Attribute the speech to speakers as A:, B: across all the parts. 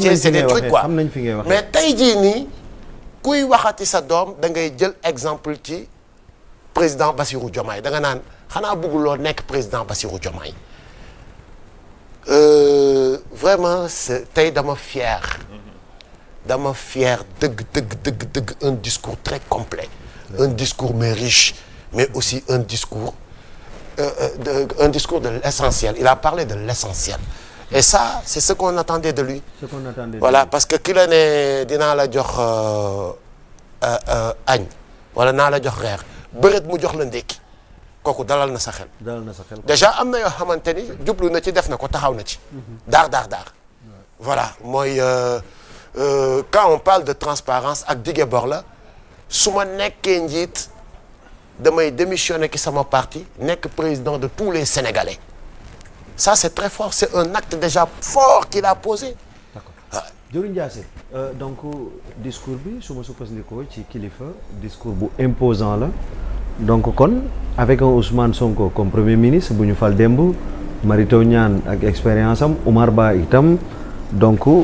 A: c'est des trucs quoi
B: mais
A: tey ji nii kuy waxati sa doom da ngay jël exemple ci président Bassirou Diomaye da nga naan xanaa bëgguloo nekk président Bassirou Diomaye euh, vraiment c'est tey dama fier dama fier dëgg dëgg dëgg dëgg un discours très complet un discours mais riche mais aussi un discours euh, euh de, un discours de l'essentiel il a parlé de l'essentiel et ça c'est ce qu'on attendait de lui. ce qu'on attendait voilà parce que ki la ne dinaa la jox euh, euh, euh, añ wala naa la jox reer bëreet mu jox la ndékki kooku dalal na sa xel.
B: na sa xel déjà
A: am na yoo xamante ni jublu na ci def na ko taxaw na ci. Mhm. daar daar daar. voilà mooy euh, euh, quand on parle de transparence ak dige bor la su ma nekkee njiit damay démissionne ki sama parti nekk président de tous les Sénégalais. ça c'est très fort c'est un acte déjà fort qu'il a posé.
B: d'accord ah. Diori Ndiassé euh, donc euh, discours bi su ma sukkandikoo ci kilifa discours bu imposant la donc kon avec un Ousmane Sonko comme premier ministre bu ñu fal démb marito ñaan ak expérience am Omar Ba itam donc euh,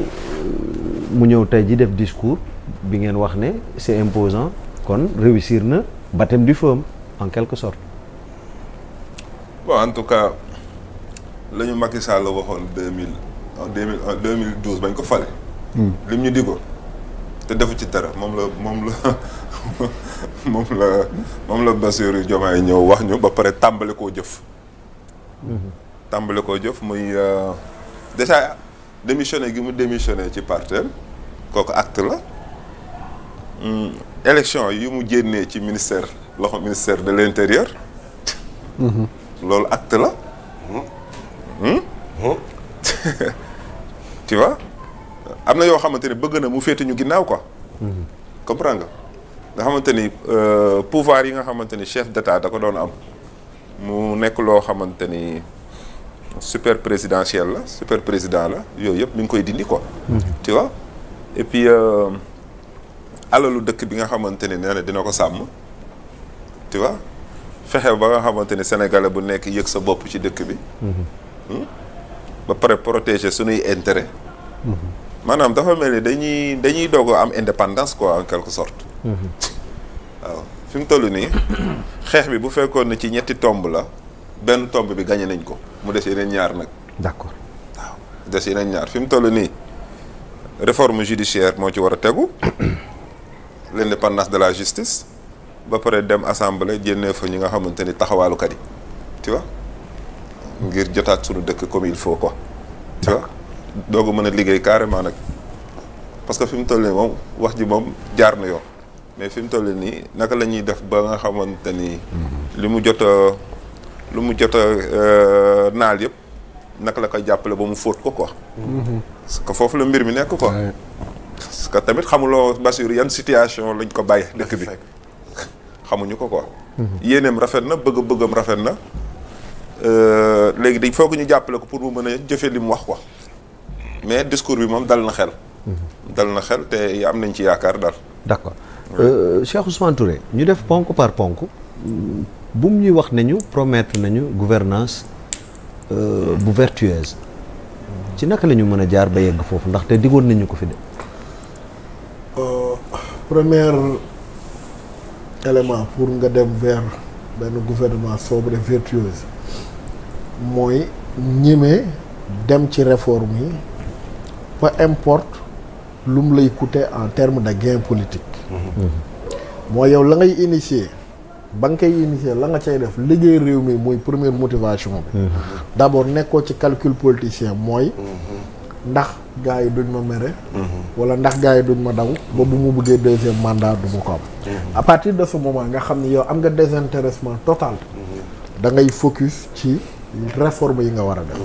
B: mu ñëw tey ji def discours bi ngeen wax ne c'est imposant kon réussir na baptême du feu en quelque sorte.
C: la ñu Macky Sall waxoon deux mille en mille en deux mille douze bañ ko fale. Hmm. lim ñu di ko te defu ci dara moom la moom la moom la moom la yi ñëw wax ñu ba pare tàmbali koo jëf. Hmm. tàmbali koo jëf muy euh, déjà démissionné gi mu démissionné ci parteem kooku acte la. Hmm. élection yi mu génnee ci ministère loxo ministère de l'intérieur. loolu acte la. tu am na yoo xamante ne bëgg na mu féete ñu ginnaaw ko mm-hmm. comprendre nga. nga xamante ni euh, pouvoir yi nga xamante ni chef d'état da ko doon am mu nekk loo xamante ni super présidentiel la super président la yooyu yëpp mi ngi koy dindi ko mm-hmm. tu vois et puis euh, alalu dëkk bi nga xamante ni nee dina ko sàmm tu vois fexe ba nga xamante ni sénégalais bu nekk yëg sa bopp ci dëkk bi. Mm-hmm. Hmm? ba pare protéger suñuy intérêt maanaam dafa mel ni dañuy dañuy doog am indépendance quoi en quelque sorte mm-hmm. waaw fi mu toll nii xeex bi bu fekkoon ne ci ñetti tomb la benn tomb bi gañe nañ ko mu des yeneen ñaar nag d'accord waaw des yeneen ñaar fi mu toll nii réforme judiciaire moo ci war a tegu l'indépendance de la justice ba pare dem assemblée jénnee fa ñi nga xamante ni taxawaalukat yi tu ngir jotaat suñu dëkk comme il faut quoi. doo ko mën a liggéey carrément nag parce que fi mu toll nii moom wax ji moom jaar na yoon mais fi mu toll nii naka lañuy def ba nga xamante ni. Mhm. li mu jot a lu mu jot a euh, naal yëpp naka la ko jàppale ba mu fóot ko quoi. Mhm. parce que foofu la mbir mi nekk ko
D: parce
C: que tamit xamuloo Bassirou yan situation lañ ko bàyyi dëkk bi. xamuñu ko ko mhm. yéeneem rafet na bëgg-bëggam rafet na. Euh, léegi dañ foog ñu jàppale ko pour mu mën a jëfee li mu wax quoi mais discours bi moom dal na xel. Mhm. dal na xel te am nañ ci yaakaar daal.
B: d'accord euh, Cheikh Ousmane Touré ñu def ponk par ponk bu mu ñuy wax nañu promettre nañu gouvernance euh, bu vertueuse ci naka la ñu mën a jaar ba yegg foofu ndaxte diggoon nañu ko fi de.
E: premier élément pour nga dem vers. benn gouvernement sobre et vertueuse mooy ñemee dem ci réforme yi peu importe lum lay coûter en termes de gain politique.
B: Mm-hmm.
E: mooy yow la ngay initier ba nga koy initier la nga cay def liggéey réew mi mooy première motivation bi. Mm-hmm. d' abord nekkoo ci calcule politicien mooy. Mm-hmm. ndax gars yi duñ ma mere. Mhm. wala ndax gars yi duñ ma daw. ba bu mu buggee deuxième mandat du ma ko am. Mhm. à partir de ce moment nga xam ni yow am nga désintéressement total.
A: Mhm.
E: da ngay focus ci réforme yi nga war a def.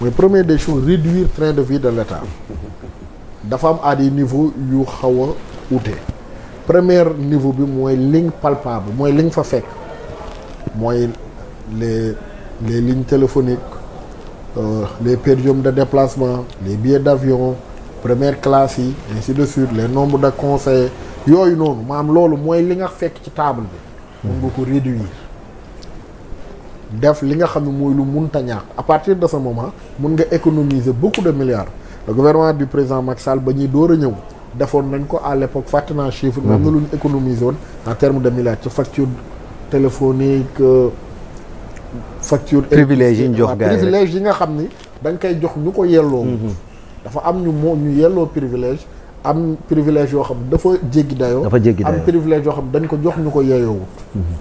E: mooy premier des choses réduire train de vie de l' dafa am à niveau yu xaw a ute. premier niveau bi mooy ligne palpable mooy ligne fa fekk mooy les les lignes téléphoniques. Euh, les périums de déplacement les billets d'avion première classe yi ainsi de suite les nombres de conseillers yooyu noonu maam loolu mooy li nga fekk ci table bi mun nga ko réduire def li nga xam ne mooy lu munta ñàkk à partir de sa moment mun nga économiser beaucoup de milliards le gouvernement du président Macky ba ñuy door a ñëw defoon nañ ko à l'époque fàtte naa chiffre. am mmh. na lu ñu économiser en termes de milliards ci facture téléphonique. Euh, facture privilège yi
B: ñu jox gars yi privilège
E: nga xam ni da koy jox ñu ko yelloo mhm. dafa am ñu moom ñu yelloo privilège am privilège yoo xam dafa jéggi dayoo dafa jéggi dayoo am privilège yoo xam dañ ko jox ñu ko yeeyoowut mhm.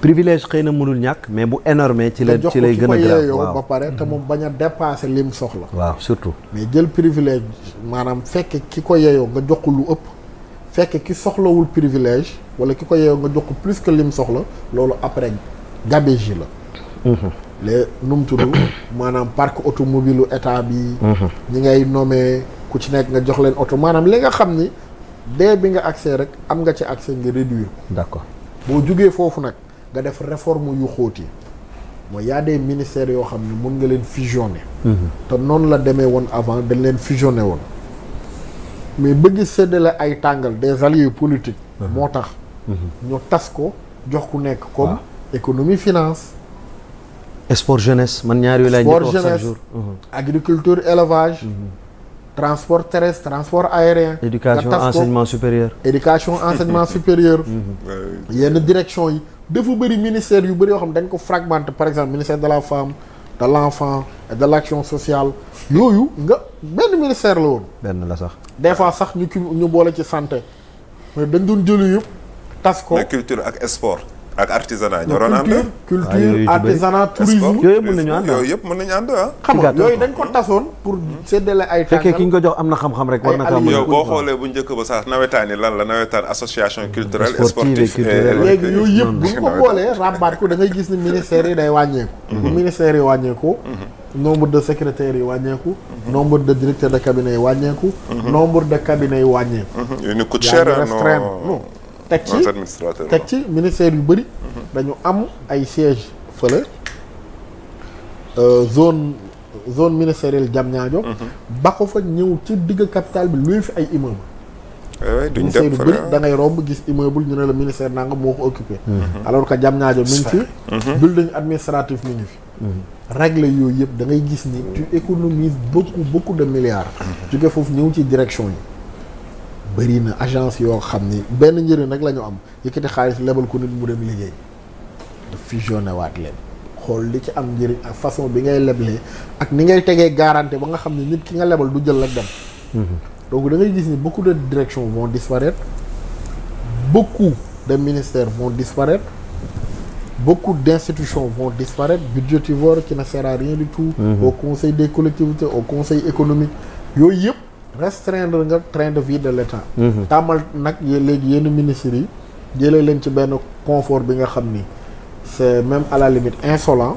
B: privilège xëy na mënul ñàkk mais bu énorme ci la ci lay gën a yeeyoo ba
E: pare te moom bañ a dépasser lim soxla waaw surtout mais jël privilège maanaam fekke ki ko yeeyoo nga jox ko lu ëpp fekke ki soxlawul privilège wala ki ko yeeyoo nga jox ko plus que lim soxla loolu après gabegie la les nu mu tudd maanaam parc automobile u état bi mhm. ñi ngay nommé ku ci nekk nga jox leen auto maanaam li nga xam ni dès bi nga accès rek am nga ci accès nga réduire ko d'accord boo jugee foofu nag nga def réforme yu xóot moo mooy y a des ministères yoo xam ni mën nga leen fusionner mhm. te noonu la demee woon avant dañ leen fusionner woon mais bëgg séddale ay tàngal des alliés politiques mhm. moo tax ñu tas ko jox ku nekk comme ah. économie finance
B: sport jeunesse man ñaar yooyu laay njëkk a wax chaque jour mhm.
E: agriculture élevage. Mhm. transport terrestre transport aérien. éducation enseignement supérieur. éducation enseignement supérieur. Mhm. yenn direction yi dafa bëri ministère yu bëri yoo xam dañ ko fragmenté par exemple ministère de la femme de l' enfant et de l' sociale yooyu nga benn ministère la woon.
B: benn
C: la sax.
E: des fois sax ñu ki ñu boole ci santé mais dañ doon jëli yëpp tas ko.
C: culture ak sport. ak artisanat ñoo doon ànd. culture ah, artisanat tourisme yooyu yëpp mën nañu ànd yooyu yëpp mën nañu ànd ah. xam yooyu
E: dañ ko tasoon pour séddale ay. tàngal fekkee ki ñu ko jox am na xam-xam
B: rek war na kaa
C: boo xoolee bu njëkk ba sax nawetaan yi lan la nawetaan association culturelle sportive et eh, léegi yooyu yëpp bu ñu ko boolee
E: ràmbaat ko da ngay gis ni ministère yi day wàññeeku. Mhm. bu ministère yi wàññeeku. Mhm. nombre de secrétaires yi wàññeeku. Mhm. nombre de directeurs de cabinet yi wàññeeku. nombre de cabinet yi wàññeeku. yooyu ni coûte ah, teg ci teg ci ministère yu bëri mhm. dañu am ay siège fële euh, zone zone ministérielle Diamniadio mhm. ba ko fa ñëw ci digg capitale bi luy fi ay immeuble eh ministère yu bëri ah. da ngay romb gis bul ñu ne la ministère nangam moo ko occupé mhm. alors que Diamniadio mi ngi fi administratif mi ngi fi règle yooyu yëpp da gis ni tu économises beaucoup beaucoup de milliards jóge foofu ñëw ci direction yi bëri na agence yoo xam ni benn njëriñ rek la ñu am yëkkati xaalis lebal ko nit mu dem liggéey da fusionné waat leen xool li ci am njëriñ ak façon bi ngay leblee ak ni ngay tegee garantie ba nga xam ne nit ki nga lebal du jël rek dem mhm. donc da ngay gis ni beaucoup de directions vont disparaître beaucoup de ministères vont disparaître beaucoup d'institutions vont disparaître budgétivores qui ne sert à rien du tout mmh. au conseil des collectivités au conseil économique yooyu yëpp restreindre nga train de vie de l' état. Mhm. tàmmal nag léegi yenn ministres yi jëlee leen ci benn confort bi nga xam ni c' est même à la limite insolent.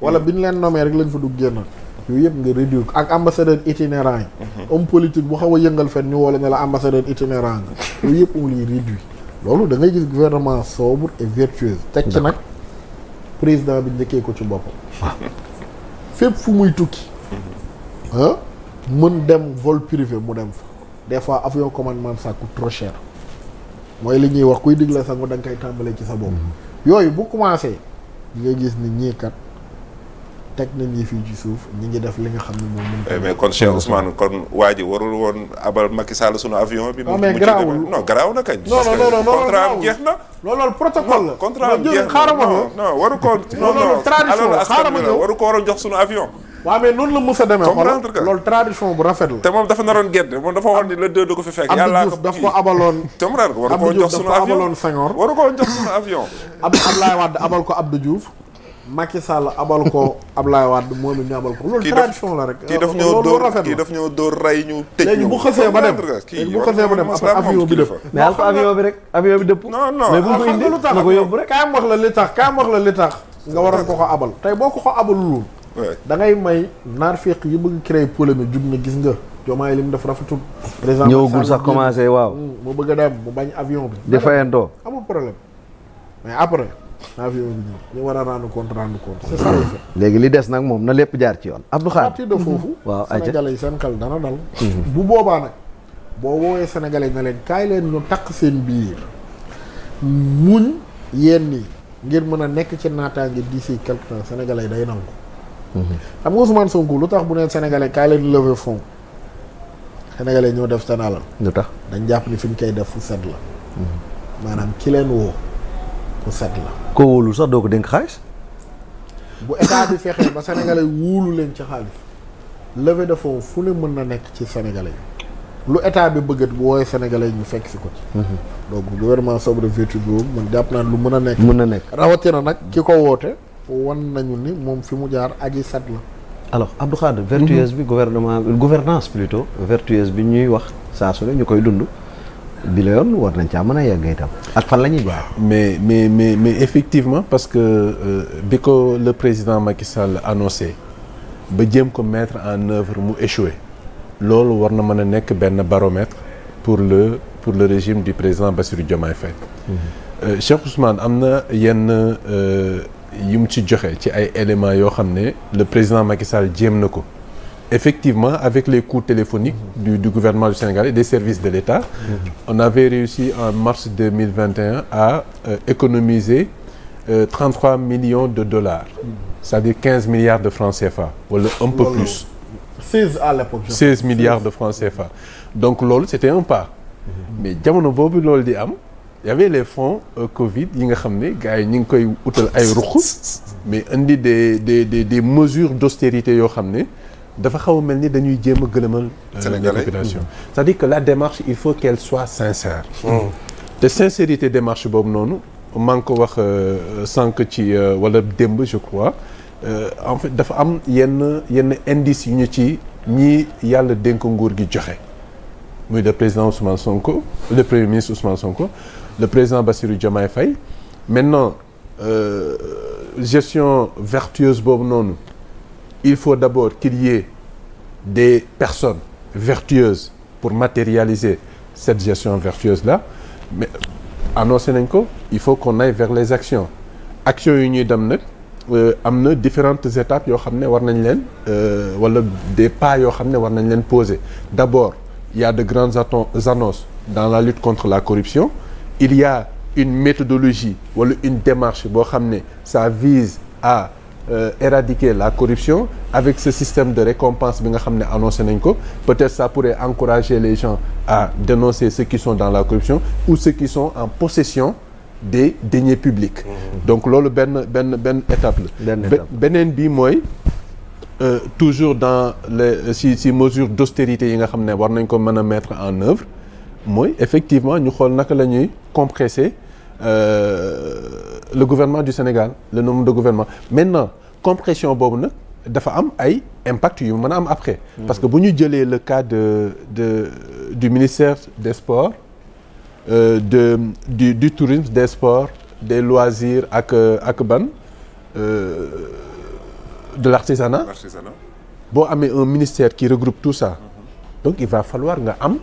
E: wala bi ñu leen nommé rek lañ fa dugg génn yooyu yëpp nga réduire ko ak ambassadeur itinérant yi mhm. homme politique bu xaw a yëngal fen ñu woo la la ambassadeur itinérant nga yooyu yëpp on li réduit loolu da ngay gis gouvernement sobre et vertueux teg ci nag président bi njëkkee ko ci boppam fépp fu muy tukki mhm. ah mën dem vol privé mu dem fa des fois avion commandement ça coûte mooy li ñuy wax kuy digle sangu da danga koy tàmbalee ci sa bopp mhm. yooyu bu commencé nga gis ni ñii kat teg nañ ñi fii ci suuf ñi ngi def
C: li nga xam ne moom. Eh, mais kon Cheikh Ousmane kon waa ji warul la. Ah, contrat am jeex na non non waru ko. non non tradition xaaral ma ñëw waru jox sunu avion. waaw mais noonu la mos a demee. comprendre que tradition bu rafet la. te moom dafa naroon gedd moom dafa waxoon ni le deux ko fi fekk. yàllaa ko kii daf ko abaloon. comprendre que waru ko jox sunu avion Abdou
E: Diouf daf ko ko jox sunu avion. Macky Sall abal ko Ablaye Wade moom it ñu abal ko. loolu tradition la rek. kii daf ñoo dóor
C: daf ñoo dóor rey ñu. tëj bu xasee ba dem léegi bu xasee ba dem après avion bi def. mais dëpp. mais bu ko indi na ko yóbbu rek. kaam wax la li
E: tax kaam wax la li tax. nga waroon ko ko abal tey boo ko ko abalul. da ngay may naar féq yi bëgg créer polémique jug na gis nga. li mu def rafetul. président ñëwagul sax commencé waaw. mu bëgg a dem mu bañ avion bi. di fayantoo amul problème mais après avion war a rendre compte rendre compte.
B: léegi li des nag moom na lépp jaar ci yoon. Abdou Khare partir de foofu. Mm-hmm.
E: yi seen xel dana dal. Mm-hmm. bu boobaa nag boo woowee sénégalais na leen kaay leen ñu takk seen biir muñ yenn yi ngir mën a nekk ci naataange d'ici quelque temps sénégalais day nangu. Mm-hmm. xam nga Ousmane lu tax bu neen sénégalais kaay leen lever fond sénégalais ñoo def seen alal.
B: lu tax dañ
E: jàpp ni fi ñu koy def fu set la. maanaam ki leen woo. ku set la.
B: koo wóolul sax doo ko dénk xaalis.
E: bu état bi fexee ba sénégalais wóolu leen ci xaalis leve de foofu fu ne mën na nekk ci sénégalais yi lu état bi bëggat bu woowee sénégalais yi ñu fekk si ko ci. Mhm. donc gouvernement sobre vertu boobu man jàpp naa lu mën a nekk. mën a nekk rawatina nag ki ko woote. wan nañu ni moom fi mu jaar aji set la.
B: alors Abdou Khadre vertueuse bi gouvernement gouvernance plutôt vertueuse bi ñuy wax saa su ne ñu koy dund.
D: bi la yoon war nañ caa mën a yegg itam ak fan la jaar mais mais mais mais effectivement parce que euh, bi ko le président Macky Sall annoncé ba jéem ko mettre en œuvre mu échoué loolu war na mën a nekk benn baromètre pour le pour le régime du président Bassirou Diomaye Faye. Mhm. Euh, Cheikh Ousmane am na yenn euh, yu mu ci joxe ci ay éléments yoo xam ne le président Macky jéem na ko. effectivement, avec les coûts téléphoniques mm-hmm. du, du, gouvernement du Sénégal et des services de l'État, mm-hmm. on avait réussi en mars 2021 à euh, économiser euh, millions de dollars, mm-hmm. c'est-à-dire 15 milliards de francs CFA, voilà un peu plus. 16 à l'époque. 16 milliards de francs CFA. Donc lol, c'était un pas. Mais jamono bobu lol di am, il y avait les fonds euh, Covid yi nga xam ne gars yi ñu ngi koy utal ay ruq mais indi des des des des mesures d'austérité yoo xam ne. dafa xaw a mel ni dañuy jéem a gëlëmal euh, Sénégalais population c'est-à-dire que la démarche il faut qu'elle soit sincère mm. te sincérité démarche boobu noonu maa ko wax euh, sànq ci euh, wala démb je crois en fait dafa am yenn yenn indice yu ñu ci ñi yàlla dénk nguur gi joxe muy le président Ousmane Sonko le premier ministre Ousmane Sonko le président Bassirou Diomaye fay maintenant euh, gestion vertueuse boobu noonu il faut d'abord qu'il y des personnes vertueuses pour matérialiser cette gestion vertueuse là mais annoncé nañ ko il faut qu'on aille vers les actions actions yi ñuy dem nag euh, am na différentes étapes yoo xam ne war nañ leen euh, wala des pas yoo xam ne war nañ leen poser d'abord il y a de grandes annonces dans la lutte contre la corruption il y une méthodologie wala une démarche boo xam ne ça vise à euh, éradiquer la corruption avec ce système de récompense bi nga xam ne annoncé nañ ko peut-être ça pourrait encourager les gens à dénoncer ceux qui sont dans la corruption ou ceux qui sont en possession des deniers publics mhm. donc loolu benn benn benn étape la beneen bi mooy euh, toujours dans les si si mesures d'austérité yi nga xam ne war nañ ko mën a mettre en œuvre mooy effectivement ñu xool naka la ñuy compresser Euh, le gouvernement du Sénégal le nombre de gouvernements maintenant compression boobu nag dafa am ay impact yu mën a am après mm-hmm. parce que bu ñu jëlee le cas de de du ministère des sports euh, de du, du tourisme des sports des loisirs ak ak ban euh, de l'artisanat boo amee un ministère qui regroupe tout ça mm-hmm. donc il va falloir nga am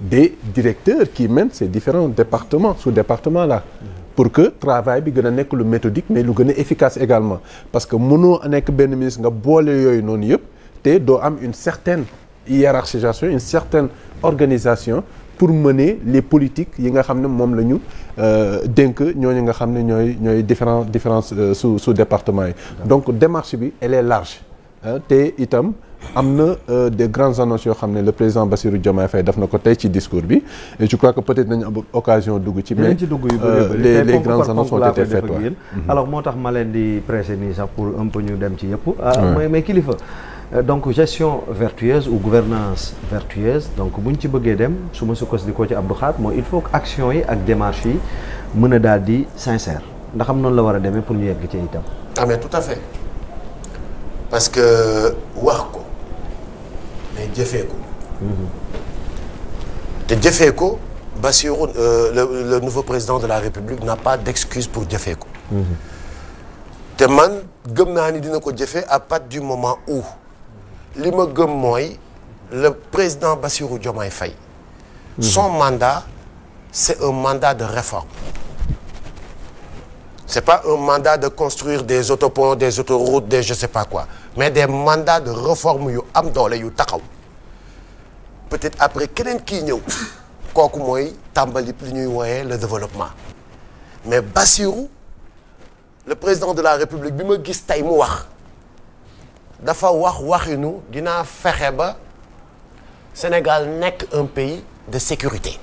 D: des directeurs qui mènent ces différents départements sous département là mm-hmm. pour que travail bi gën a nekk lu méthodique mais lu gën a efficace également parce que mënoo nekk benn ministre nga boole yooyu noonu yëpp te doo am une certaine hiérarchisation une certaine organisation pour mener les politiques yi nga xam ne moom la ñu euh, dénk ñooñu nga xam ne ñooy ñooy différents différents euh, sous sous département yi donc démarche bi elle est large te itam am na euh, des grandes annonces yoo xam ne le président Bassirou Diomaye Faye def na ko tey ci discours bi et je crois que peut-être nañu am occasion dugg ci. mais
B: moo tax ma leen dem ci yëpp. Euh, mooy mais kilifa. Euh, donc gestion vertueuse ou gouvernance vertueuse donc bu ñu ci bëggee dem su ma sukkandikoo ci Abdou Khadre mooy il faut que action yi ak démarche yi mën a daal di sincère ndax am noonu la war a demee pour ñu yegg ci itam.
A: ah mais parce que wax mais ko. te jëfee ko Bassirou euh, le le nouveau président de la République n'a pas d'excuse pour jëfee ko. te man gëm naa ni dina ko jëfee à partir du moment où li ma gëm mooy le président Bassirou Diomaye Faye. son mandat c'est un mandat de réforme. c'est pas un mandat de construire des autoponts des autoroutes des je sais pas quoi mais des mandats de réforme yu am doole yu taxaw peut-être après keneen kii ñëw kooku mooy tàmbali li ñuy wooyee le développement mais Bassirou le président de la République bi ma gis tey mu wax dafa wax waxinu
B: dinaa fexe ba Sénégal nekk un pays de sécurité